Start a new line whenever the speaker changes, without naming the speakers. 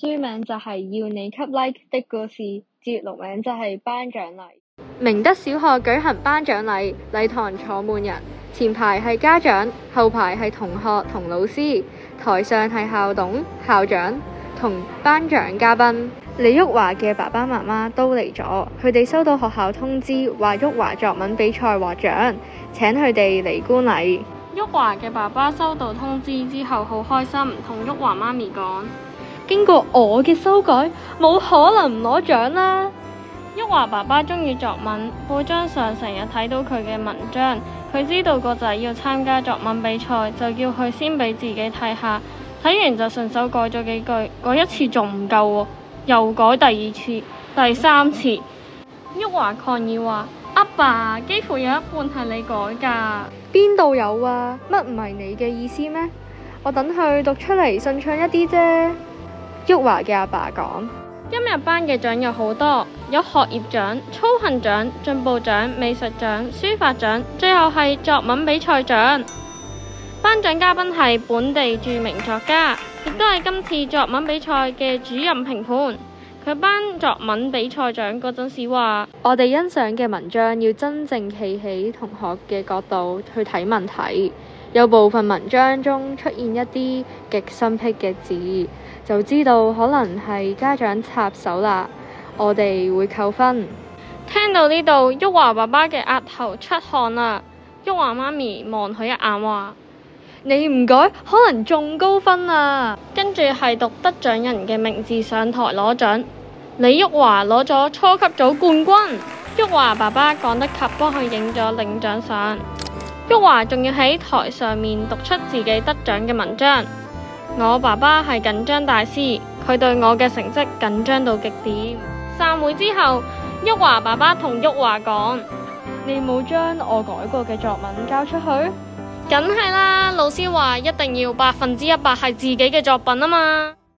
書名就係要你給 like 的故事，節錄名就係頒獎禮。明德小學舉行頒獎禮，禮堂坐滿人，前排係家長，後排係同學同老師，台上係校董、校長同頒獎嘉賓。李旭華嘅爸爸媽媽都嚟咗，佢哋收到學校通知，話旭華作文比賽獲獎，請佢哋嚟觀禮。
旭華嘅爸爸收到通知之後好開心，同旭華媽咪講。
經過我嘅修改，
冇可能唔攞獎啦！旭華爸爸中意作文，報章上成日睇到佢嘅文章。佢知道個仔要參加作文比賽，就叫佢先俾自己睇下，睇完就順手改咗幾句。改一次仲唔夠喎，又改第二次、第三次。旭華抗議話：阿爸，爸，
幾乎有一半係
你改噶，
邊度有啊？乜唔係你嘅意思咩？我等佢讀出嚟順暢一啲啫。旭華嘅阿爸講：
今日頒嘅獎有好多，有學業獎、操行獎、進步獎、美術獎、書法獎，最後係作文比賽獎。頒獎嘉賓係本地著名作家，亦都係今次作文比賽嘅主任評判。佢頒作文比賽獎嗰陣時話：
我哋欣賞嘅文章要真正企喺同學嘅角度去睇問題。有部分文章中出現一啲極生僻嘅字，就知道可能係家長插手啦，我哋會扣分。聽到呢
度，旭華爸爸嘅額頭出汗啦。旭華媽咪望佢一眼話：你唔改，可能仲高分啦。跟住係讀得獎人嘅名字上台攞獎。李旭華攞咗初級組冠軍。旭華爸爸趕得及幫佢影咗領獎相。郁華仲要喺台上面讀出自己得獎嘅文章。我爸爸係緊張大師，佢對我嘅成績緊張到極點。散會之後，郁華爸爸同郁華講：你冇將我改過嘅作文交出去？梗係啦，老師話一定要百分之一百係自己嘅作品啊嘛。